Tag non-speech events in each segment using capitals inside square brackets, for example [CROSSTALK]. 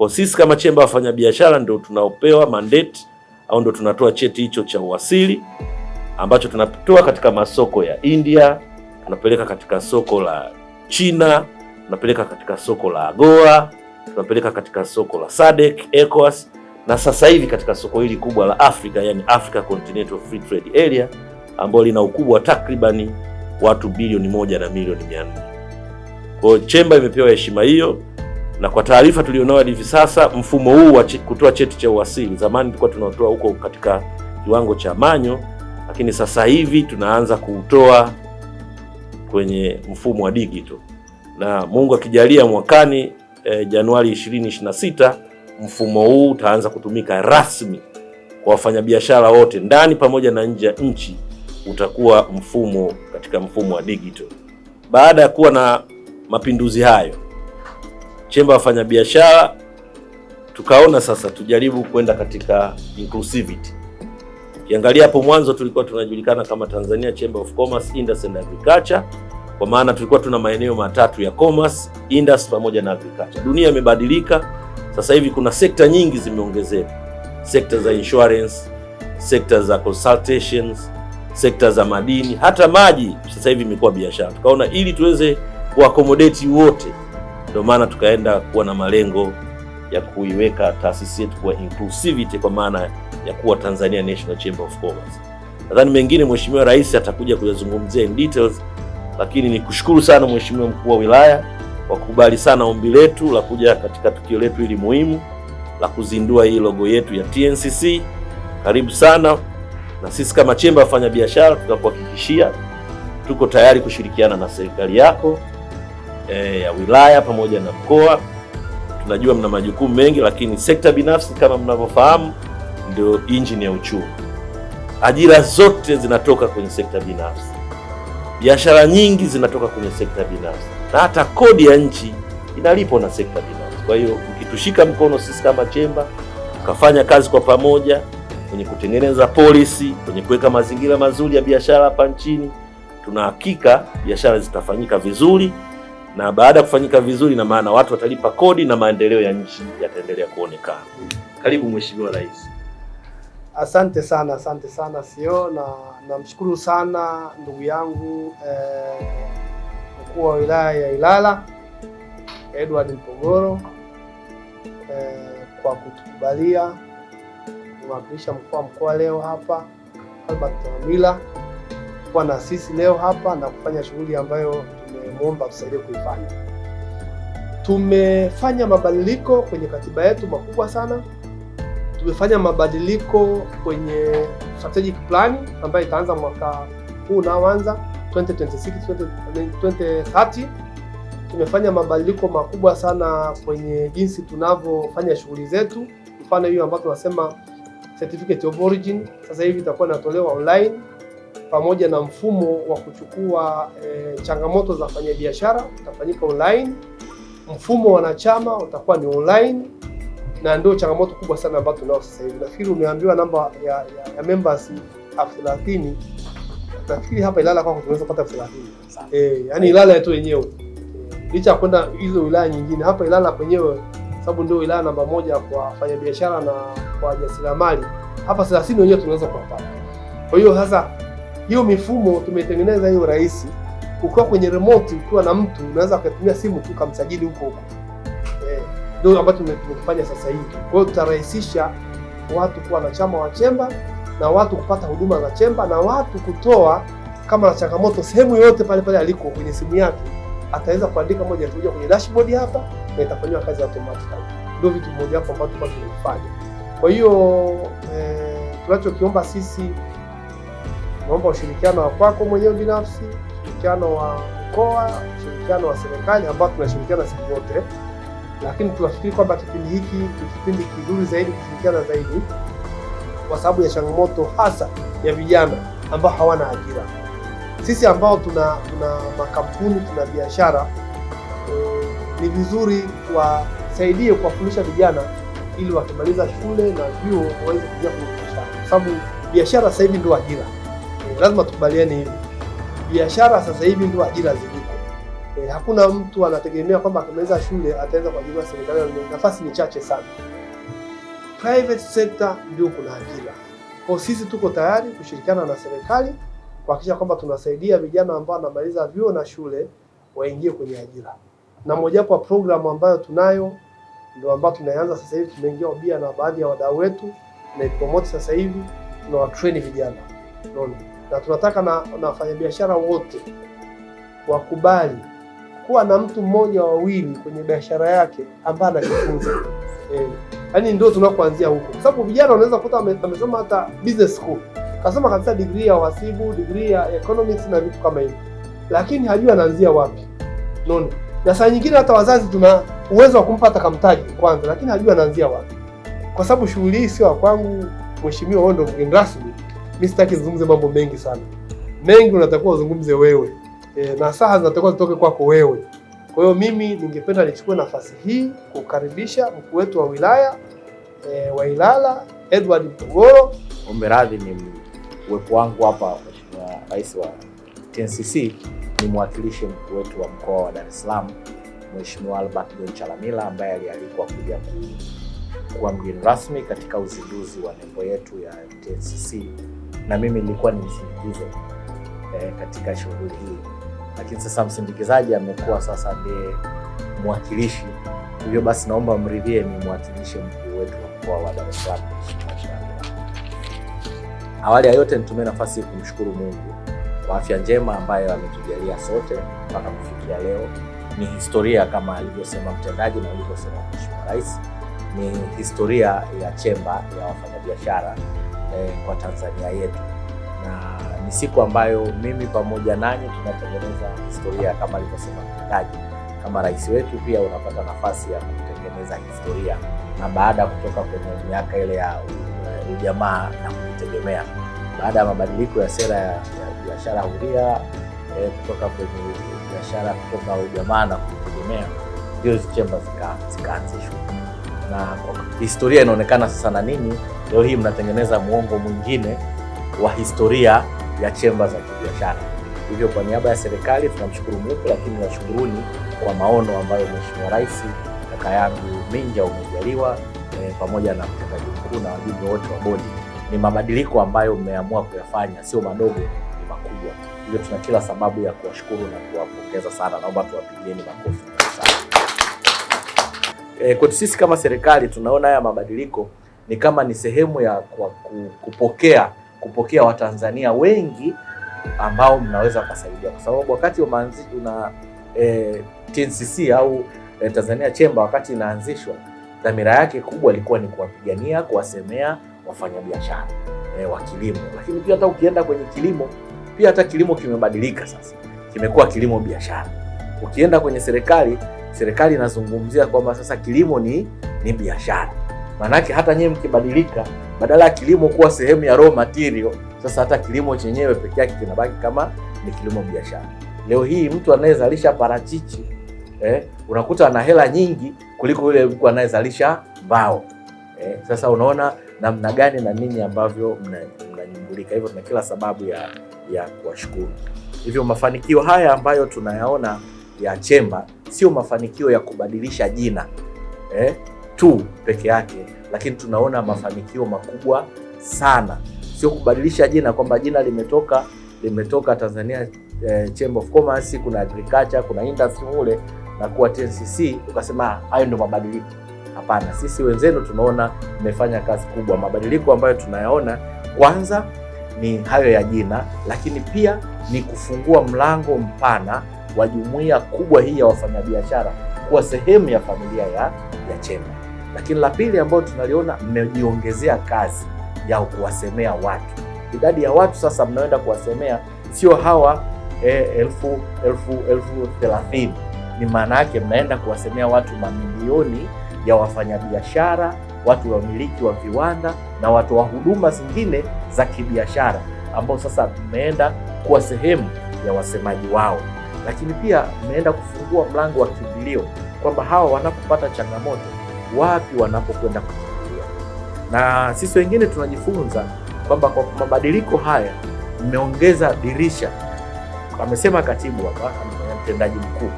Kwa sisi kama chemba wafanyabiashara ndio tunaopewa mandate au ndio tunatoa cheti hicho cha uwasili ambacho tunatoa katika masoko ya India, tunapeleka katika soko la China, tunapeleka katika soko la AGOA, tunapeleka katika soko la SADC, ECOWAS na sasa hivi katika soko hili kubwa la Afrika, yani Africa Continental Free Trade Area ambayo lina ukubwa wa takribani watu bilioni moja na milioni mia nne. Kwa hiyo chemba imepewa heshima hiyo na kwa taarifa tulionayo hivi sasa, mfumo huu wa kutoa cheti cha uasili, zamani tulikuwa tunatoa huko katika kiwango cha manyo, lakini sasa hivi tunaanza kuutoa kwenye mfumo wa digital, na Mungu akijalia mwakani e, Januari 2026 mfumo huu utaanza kutumika rasmi kwa wafanyabiashara wote ndani pamoja na nje ya nchi. Utakuwa mfumo katika mfumo wa digital baada ya kuwa na mapinduzi hayo chemba wafanyabiashara, tukaona sasa tujaribu kwenda katika inclusivity. Ukiangalia hapo mwanzo tulikuwa tunajulikana kama Tanzania Chamber of Commerce, Industry and Agriculture kwa maana tulikuwa tuna maeneo matatu ya commerce, industry pamoja na agriculture. Dunia imebadilika sasa hivi, kuna sekta nyingi zimeongezeka, sekta za insurance, sekta za consultations, sekta za madini, hata maji sasa hivi imekuwa biashara. Tukaona ili tuweze kuaccommodate wote ndio maana tukaenda kuwa na malengo ya kuiweka taasisi yetu kwa inclusivity kwa maana ya kuwa Tanzania National Chamber of Commerce. Nadhani mengine Mheshimiwa Rais atakuja kuyazungumzia in details, lakini ni kushukuru sana Mheshimiwa Mkuu wa Wilaya kwa kukubali sana ombi letu la kuja katika tukio letu hili muhimu la kuzindua hii logo yetu ya TNCC. Karibu sana na sisi kama chemba wafanya biashara, tutakuhakikishia tuko tayari kushirikiana na serikali yako e, ya wilaya pamoja na mkoa. Tunajua mna majukumu mengi, lakini sekta binafsi kama mnavyofahamu ndio injini ya uchumi. Ajira zote zinatoka kwenye sekta binafsi, biashara nyingi zinatoka kwenye sekta binafsi, na hata kodi ya nchi inalipwa na sekta binafsi. Kwa hiyo mkitushika mkono sisi kama chemba, tukafanya kazi kwa pamoja kwenye kutengeneza polisi, kwenye kuweka mazingira mazuri ya biashara hapa nchini, tuna hakika biashara zitafanyika vizuri na baada ya kufanyika vizuri, na maana watu watalipa kodi na maendeleo ya nchi yataendelea kuonekana. Karibu Mheshimiwa Rais. Asante sana, asante sana sio, e na namshukuru sana ndugu yangu eh, mkuu eh, wa wilaya ya Ilala Edward Mpogoro eh, kwa kutukubalia kumwakilisha mkuu wa mkoa leo hapa Albert Mila kuwa na sisi leo hapa na kufanya shughuli ambayo kumwomba tusaidie kuifanya. Tumefanya mabadiliko kwenye katiba yetu makubwa sana. Tumefanya mabadiliko kwenye strategic plan ambayo itaanza mwaka huu unaoanza 2026 2030. Tumefanya mabadiliko makubwa sana kwenye jinsi tunavyofanya shughuli zetu, mfano hiyo ambayo tunasema certificate of origin sasa hivi itakuwa inatolewa online pamoja na mfumo wa kuchukua e, changamoto za wafanyabiashara utafanyika online. Mfumo wa wanachama utakuwa ni online, na ndio changamoto kubwa sana ambayo tunao sasa hivi. Nafikiri umeambiwa namba ya, ya, ya members elfu thelathini. Nafikiri hapa Ilala kwako tunaweza kupata elfu thelathini eh, yani Ilala yetu yenyewe eh, licha ya kwenda hizo wilaya nyingine, hapa Ilala kwenyewe sababu ndio wilaya namba moja kwa wafanyabiashara na kwa wajasiriamali hapa, 30 wenyewe tunaweza kuwapata. Kwa hiyo sasa hiyo mifumo tumetengeneza hiyo rahisi. Ukiwa kwenye remote, ukiwa na mtu unaweza ukatumia simu tu ukamsajili huko huko, eh, ndio eh, ambacho tumekifanya sasa hivi. Kwa hiyo tutarahisisha watu kuwa wanachama wa chemba na watu kupata huduma za chemba na watu kutoa kama na changamoto sehemu yoyote pale pale aliko kwenye simu yake ataweza kuandika moja kwa moja kwenye dashboard hapa na itafanywa kazi automatically. Ndio vitu mmoja hapo ambavyo tumefanya. Kwa hiyo eh, tunachokiomba sisi Naomba ushirikiano wa kwako mwenyewe binafsi, ushirikiano wa mkoa, ushirikiano wa serikali ambao tunashirikiana siku zote, lakini tunafikiri kwamba kipindi hiki ni kipindi kizuri zaidi kushirikiana zaidi, kwa sababu ya changamoto hasa ya vijana ambao hawana ajira. Sisi ambao tuna, tuna makampuni tuna biashara e, ni vizuri wasaidie kuwafundisha vijana ili wakimaliza shule na vyuo waweze kuja kwenye biashara, kwa sababu biashara sasa hivi ndio ajira lazima tukubaliane hivi, biashara sasa hivi ndio ajira ziliko. E, eh, hakuna mtu anategemea kwamba akimaliza shule ataweza kuajiriwa serikali, nafasi ni chache sana. Private sector ndio kuna ajira. Kwa sisi tuko tayari kushirikiana na serikali kuhakikisha kwamba tunasaidia vijana ambao wanamaliza vyuo na shule waingie kwenye ajira, na mojawapo ya programu ambayo tunayo ndio ambayo tunaanza sasa hivi, tumeingia ubia na baadhi ya wadau wetu na tunaipromote sasa hivi, tunawatrain vijana na tunataka na wafanyabiashara wote wakubali kuwa na mtu mmoja wawili kwenye biashara yake ambaye anajifunza [COUGHS] eh, yaani ndio tunakuanzia huko, kwa sababu vijana wanaweza kukuta amesoma hata business school, kasoma kabisa degree ya uhasibu, degree ya economics na vitu kama hivyo, lakini hajui anaanzia wapi. Unaona, na saa nyingine hata wazazi tuna uwezo wa kumpa hata kamtaji kwanza, lakini hajui anaanzia wapi, kwa sababu shughuli hii sio ya kwangu, mheshimiwa, wewe ndio mgeni rasmi mi sitaki zungumze mambo mengi sana, mengi unatakiwa uzungumze wewe e, na saha zinatakiwa zitoke kwako wewe. Kwa hiyo mimi ningependa nichukue nafasi hii kukaribisha mkuu wetu wa wilaya e, wa Ilala Edward Mtogoro. Ombe radhi ni uwepo wangu hapa, Mheshimiwa Rais wa TNCC, ni mwakilishi mkuu wetu wa mkoa wa Dar es Salaam Mheshimiwa Albert John Chalamila ambaye alialikwa kuja kuwa mgeni rasmi katika uzinduzi wa nembo yetu ya TNCC na mimi nilikuwa msindikizo eh, katika shughuli hii, lakini sasa msindikizaji amekuwa sasa ndiye mwakilishi. Hivyo basi naomba mridhie ni mwakilishe mkuu wetu wa mkoa wa Dar es Salaam. Awali ya yote nitumie nafasi kumshukuru Mungu kwa afya njema ambayo ametujalia sote mpaka kufikia leo. Ni historia kama alivyosema mtendaji na alivyosema Mheshimiwa Rais, ni historia ya chemba ya wafanyabiashara eh, kwa Tanzania yetu, na ni siku ambayo mimi pamoja nanyi tunatengeneza historia kama alivyosema mtendaji, kama rais wetu pia unapata nafasi ya kutengeneza historia, na baada ya kutoka kwenye miaka ile ya eh, ujamaa na kujitegemea baada ya mabadiliko ya sera ya biashara huria eh, kutoka kwenye biashara kutoka ujamaa na kujitegemea ndio hizi chemba zikaanzishwa na historia inaonekana sasa na nini. Leo hii mnatengeneza muongo mwingine wa historia ya chemba za kibiashara. Hivyo kwa niaba ya serikali tunamshukuru Mungu, lakini washukuruni kwa maono ambayo Mheshimiwa Rais kaka yangu Minja umejaliwa e, pamoja na mtendaji mkuu na wajumbe wote wa bodi. Ni mabadiliko ambayo mmeamua kuyafanya, sio madogo, ni makubwa. Hivyo tuna kila sababu ya kuwashukuru na kuwapongeza sana. Naomba tuwapigieni makofi eh, kwetu sisi kama serikali tunaona haya mabadiliko ni kama ni sehemu ya kwa kupokea kupokea Watanzania wengi ambao mnaweza kusaidia, kwa sababu wakati una eh, TNCC au eh, Tanzania Chemba wakati inaanzishwa, dhamira yake kubwa ilikuwa ni kuwapigania, kuwasemea wafanyabiashara eh, wa kilimo, lakini pia hata ukienda kwenye kilimo pia hata kilimo kimebadilika sasa, kimekuwa kilimo biashara. Ukienda kwenye serikali serikali inazungumzia kwamba sasa kilimo ni, ni biashara. Maanake hata nyewe mkibadilika, badala ya kilimo kuwa sehemu ya raw material, sasa hata kilimo chenyewe peke yake kinabaki kama ni kilimo biashara. Leo hii mtu anayezalisha parachichi eh, unakuta ana hela nyingi kuliko yule mtu anayezalisha mbao eh. Sasa unaona namna gani na nini ambavyo mnanyumbulika mna hivyo, tuna kila sababu ya ya kuwashukuru. Hivyo mafanikio haya ambayo tunayaona ya Chemba sio mafanikio ya kubadilisha jina eh, tu peke yake, lakini tunaona mafanikio makubwa sana, sio kubadilisha jina kwamba jina limetoka limetoka Tanzania eh, Chamber of Commerce, kuna agriculture, kuna industry mule na kuwa TNCC ukasema ah, hayo ndio mabadiliko. Hapana, sisi wenzenu tunaona mmefanya kazi kubwa. Mabadiliko ambayo tunayaona kwanza ni hayo ya jina, lakini pia ni kufungua mlango mpana wa jumuiya kubwa hii ya wafanyabiashara kuwa sehemu ya familia ya, ya Chemba. Lakini la pili ambayo tunaliona, mmejiongezea kazi ya kuwasemea watu. Idadi ya watu sasa mnaenda kuwasemea sio hawa eh, elfu, elfu, elfu thelathini ni maana yake mnaenda kuwasemea watu mamilioni ya wafanyabiashara, watu wamiliki wa viwanda na watu wa huduma zingine za kibiashara ambao sasa mmeenda kuwa sehemu ya wasemaji wao lakini pia mmeenda kufungua mlango wa kimbilio kwamba hawa wanapopata changamoto wapi wanapokwenda kukimbilia. Na sisi wengine tunajifunza kwamba kwa mabadiliko haya mmeongeza dirisha, amesema katibu hapa, mtendaji mkuu,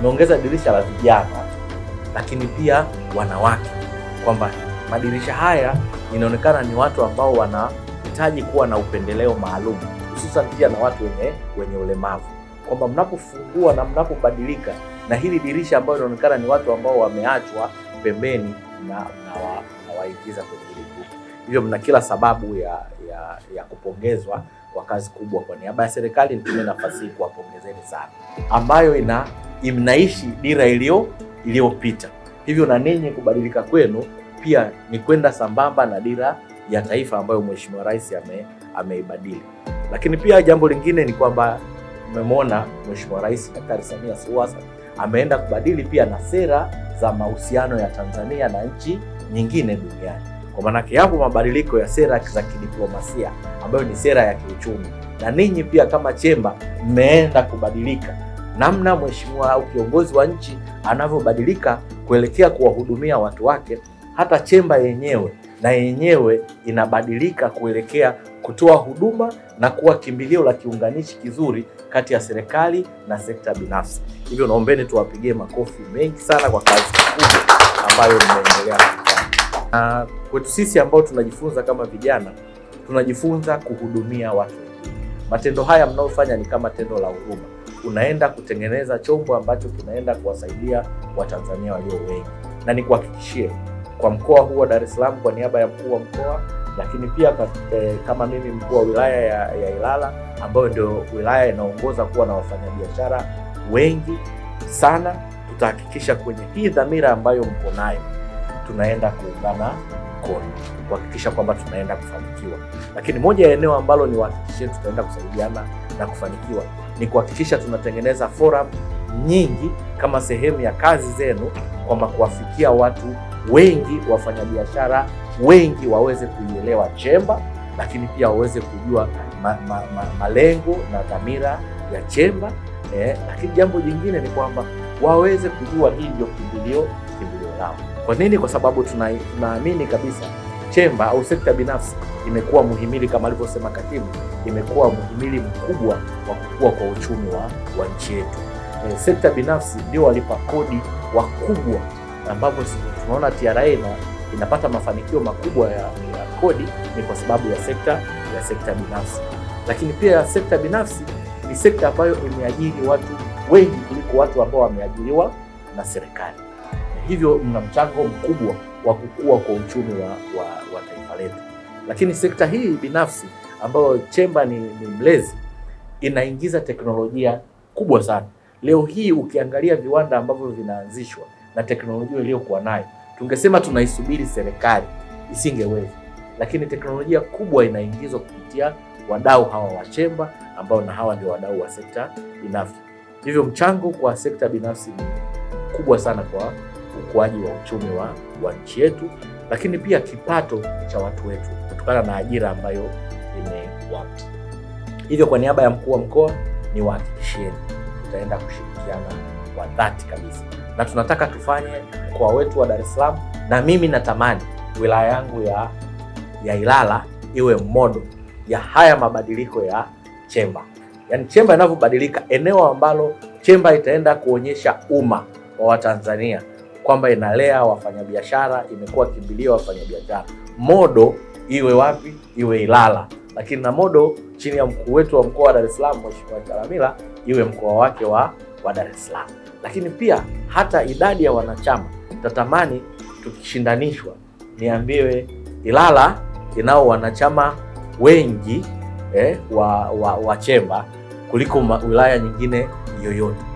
mmeongeza dirisha la vijana, lakini pia wanawake, kwamba madirisha haya inaonekana ni watu ambao wanahitaji kuwa na upendeleo maalum, hususan pia na watu wenye, wenye ulemavu kwamba mnapofungua na mnapobadilika, na hili dirisha ambayo inaonekana ni watu ambao wameachwa pembeni na mnawaingiza kwenye hili grupu, hivyo mna kila sababu ya, ya, ya kupongezwa kwa kazi kubwa. Kwa niaba ya serikali nitumie nafasi hii kuwapongezeni sana, ambayo ina mnaishi dira iliyo iliyopita. Hivyo na ninyi kubadilika kwenu pia ni kwenda sambamba na dira ya taifa ambayo Mheshimiwa Rais ame, ameibadili. Lakini pia jambo lingine ni kwamba Umemwona Mheshimiwa Rais Daktari Samia Suluhu Hassan ameenda kubadili pia na sera za mahusiano ya Tanzania na nchi nyingine duniani. Kwa maanake yapo mabadiliko ya sera za kidiplomasia ambayo ni sera ya kiuchumi, na ninyi pia kama chemba mmeenda kubadilika namna mheshimiwa au kiongozi wa nchi anavyobadilika kuelekea kuwahudumia watu wake. Hata chemba yenyewe na yenyewe inabadilika kuelekea kutoa huduma na kuwa kimbilio la kiunganishi kizuri kati ya serikali na sekta binafsi. Hivyo naombeni tuwapigie makofi mengi sana kwa kazi kubwa ambayo mnaendelea kufanya. Kwetu sisi ambao tunajifunza kama vijana, tunajifunza kuhudumia watu. Matendo haya mnaofanya ni kama tendo la huruma, unaenda kutengeneza chombo ambacho kinaenda kuwasaidia Watanzania walio wengi, na nikuhakikishie kwa mkoa huu wa Dar es Salaam kwa niaba ya mkuu wa mkoa, lakini pia eh, kama mimi mkuu wa wilaya ya, ya Ilala ambayo ndio wilaya inaongoza kuwa na wafanyabiashara wengi sana, tutahakikisha kwenye hii dhamira ambayo mko nayo tunaenda kuungana mkono kuhakikisha kwamba tunaenda kufanikiwa. Lakini moja ya eneo ambalo ni wahakikishie tutaenda kusaidiana na kufanikiwa ni kuhakikisha tunatengeneza forum nyingi kama sehemu ya kazi zenu, kwamba kuwafikia watu wengi wafanyabiashara wengi waweze kuielewa Chemba, lakini pia waweze kujua ma, ma, ma, malengo na dhamira ya Chemba eh, lakini jambo jingine ni kwamba waweze kujua hii ndio kimbilio kimbilio lao. Kwa nini? Kwa sababu tunaamini kabisa Chemba au sekta binafsi imekuwa muhimili, kama alivyosema katibu, imekuwa muhimili mkubwa wa kukua kwa uchumi wa, wa nchi yetu. Eh, sekta binafsi ndio walipa kodi wakubwa ambapo tunaona TRA ina, inapata mafanikio makubwa ya, ya kodi ni kwa sababu ya sekta ya sekta binafsi, lakini pia sekta binafsi ni sekta ambayo imeajiri watu wengi kuliko watu ambao wameajiriwa na serikali, hivyo mna mchango mkubwa wa kukua kwa uchumi wa, wa, wa taifa letu. Lakini sekta hii binafsi ambayo chemba ni, ni mlezi inaingiza teknolojia kubwa sana. Leo hii ukiangalia viwanda ambavyo vinaanzishwa na teknolojia iliyokuwa nayo. Tungesema tunaisubiri serikali, isingeweza. Lakini teknolojia kubwa inaingizwa kupitia wadau hawa wa chemba, ambao na hawa ndio wadau wa sekta binafsi. Hivyo mchango kwa sekta binafsi ni kubwa sana kwa ukuaji wa uchumi wa, wa nchi yetu, lakini pia kipato cha watu wetu kutokana na ajira ambayo imewapa. Hivyo kwa niaba ya mkuu wa mkoa ni wahakikishieni tutaenda kushirikiana kwa dhati kabisa na tunataka tufanye mkoa wetu wa Dar es Salaam, na mimi natamani wilaya yangu ya, ya Ilala iwe modo ya haya mabadiliko ya Chemba, yaani Chemba inavyobadilika, eneo ambalo Chemba itaenda kuonyesha umma wa Watanzania kwamba inalea wafanyabiashara, imekuwa kimbilio wafanyabiashara. Modo iwe wapi? Iwe Ilala, lakini na modo chini ya mkuu wetu wa mkoa wa Dar es Salaam Mheshimiwa Chalamila iwe mkoa wake wa, wa Dar es Salaam lakini pia hata idadi ya wanachama. Tatamani tukishindanishwa, niambiwe Ilala inao wanachama wengi eh, wa, wa, wa chemba kuliko wilaya nyingine yoyote.